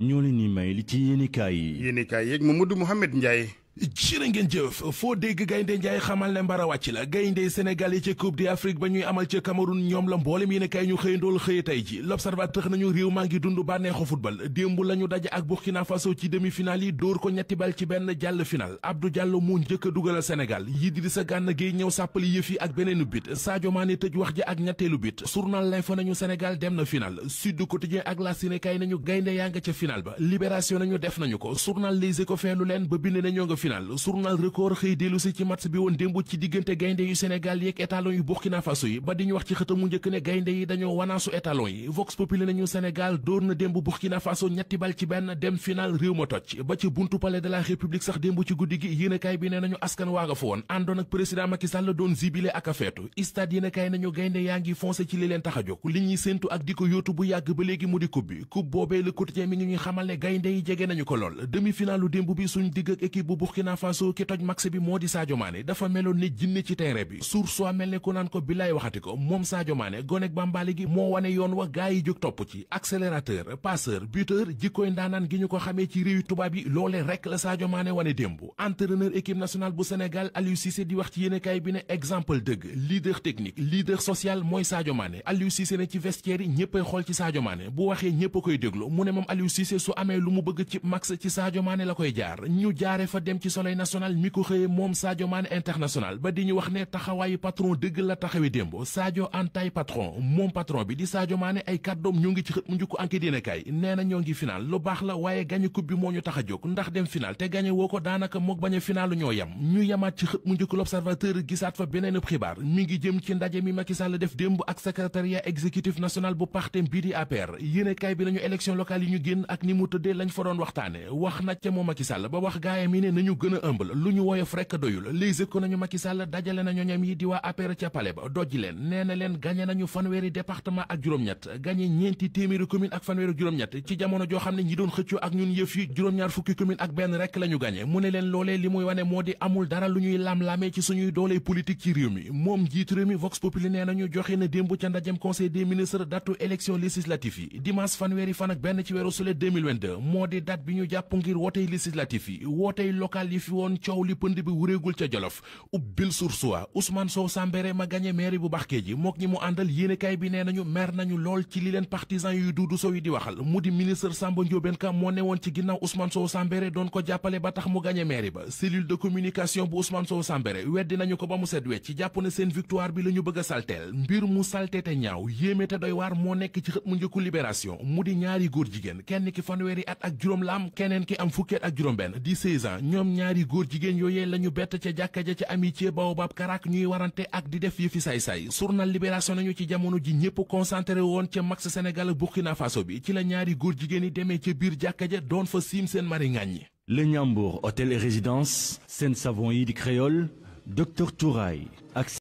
ñoo leen ni may li ci yéenekaay yi. yéenekaay yeeg Mamadou Mouhamed Ndiaye. jërë ngeen jëf foo dégg gaynde njaay xamal ne mbara wàcc la gaynde sénégal yi ca coupe d'Afrique ba ñuy amal ca Cameroun ñoom la mboolem yéen kay ñu xëy ndool xëy tey ji l'observateur nañu réew maa ngi dund bànneexu football démb la ñu daje ak Burkina Faso ci demi-finale yi dóor ko ñetti bal ci benn jàll final Abdou Diallo moo njëkk a dugal Sénégal Idrissa Gana Gueye ñëw sàppali yëf yi ak beneenu bit Sadio Mané tëj wax ji ak ñetteelu bit journal L'Info nañu Sénégal dem na final Sud Quotidien ak La Sénégal nañu yaa nga ca final ba Libération def nañu ko journal Les Échos feelu leen ba bind ne ñoo nga final record xëy dellu ci match bi woon démb ci diggante gaynde yu Sénégal yeeg étalon yu Burkina Faso yi ba di ñu wax ci xëtamu njëkk ne gaynde yi dañoo wanaasu étalon yi Vox Populi nañu Sénégal dóor na démb Burkina Faso ñetti bal ci benn dem final réew ma toj ba ci buntu palais de la sax démb ci guddi gi yéenekaay bi ne nañu askan waa nga fa woon àndoon ak président Macky Sall doon zibile ak a feetu stade yéenekaay nañu Burkina Faso ki toj max bi moo di Sadio Mané dafa meloon ni jinne ci terrain bi suur soi mel ne ku naan ko bilaay waxati ko moom Sadio Mané gonek bàmbaali gi moo wane yoon wa gaay yi jóg topp ci accélérateur passeur buteur jikkooy ndaanaan gi ñu ko xamee ci réew tubaab yi loole rek la Sadio wane démb entraîneur équipe nationale bu Sénégal Aliou Cissé di wax ci yéenekaay bi ne exemple dëgg leader technique leader social mooy Sadio Mané Aliou ne ci mu ne moom Aliou Cissé su mu bëgg ci max ci Sadio Mané la koy ci soleil national mi ko xëye moom Sadio Mané international ba di ñu wax ne taxawaayu patron dëgg la taxawi démb Sadio en taille patron moom patron bi di Sadio Mané ay kàddoom ñu ngi ci xët mu njukko enquête nee na ñoo ngi final lu baax la waaye gañe coupe moo ñu tax a jóg ndax dem final te gañe woo ko daanaka mook bañ a final ñoo yam ñu yemaat ci xët mu njukko l'observateur gisaat fa beneen xibaar mi ngi jëm ci ndaje mi Macky Sall def démb ak secrétariat exécutif national bu partem bii di APR yéene kaay bi nañu élection locale yi ñu génn ak ni mu tëddee lañ fa doon waxtaane wax na ca moom Macky Sall ba wax gaayam yi ne ñu gën a ëmbal lu ñu woyof rekk doyul Les Échos nañu Macky Sall dajale na ñoñam yi di waa APR ca pale ba dojji leen nee na leen gañe nañu fanweeri département ak juróom-ñett gañe ñeenti téeméeri commune ak fanweeri juróom-ñett ci jamono joo xam ne ñi doon xëccoo ak ñun yëf yi juróom-ñaar fukki commune ak benn rekk la ñu gañe mu ne leen loolee li muy wane moo di amul dara lu ñuy lam-lamee ci suñuy doole politique ci réew mi moom njiit réew mi Vox Populi nee na benn ci weeru sulet 2022 moo di date bi ñu jàpp local yi fi woon coow li pënd bi wuréegul ca Jolof ubbil sursuwa Ousmane Sow Sambere ma gañe mairie bu baxkee ji mook ñi mu àndal yéenekaay bi nee nañu mer nañu lool ci li leen partisan yu Doudou Sow yi di waxal mu di ministre Samba Ndiobène Ka moo ne woon ci ginnaaw Ousmane Sow Sambere doon ko jàppale ba tax mu gañe mairie ba cellule de communication bu Ousmane Sow Sambere weddi nañu ko ba mu set wecc ci jàpp ne seen victoire bi la ñu a salteel mbir mu salte te ñaaw yéeme te doy moo nekk ci xët mu njëkku libération mu di ñaari góor jigéen kenn ki fanweeri at la am ki am fukkeet ak juróom ñaari góor jigéen yooyee la ñu bett ca jàkka ja ca amitié Baobab Karak ñuy warante ak di def yëfi saay-saay journal libération nañu ci jamono ji ñëpp concentré woon ca match Sénégal Burkina Faso bi ci la ñaari góor jigéen yi demee ca biir jàkka ja doon fa siim seen mari ngàññi le Ñambour hôtel et résidence seen savon yi di créole docteur Touraay ak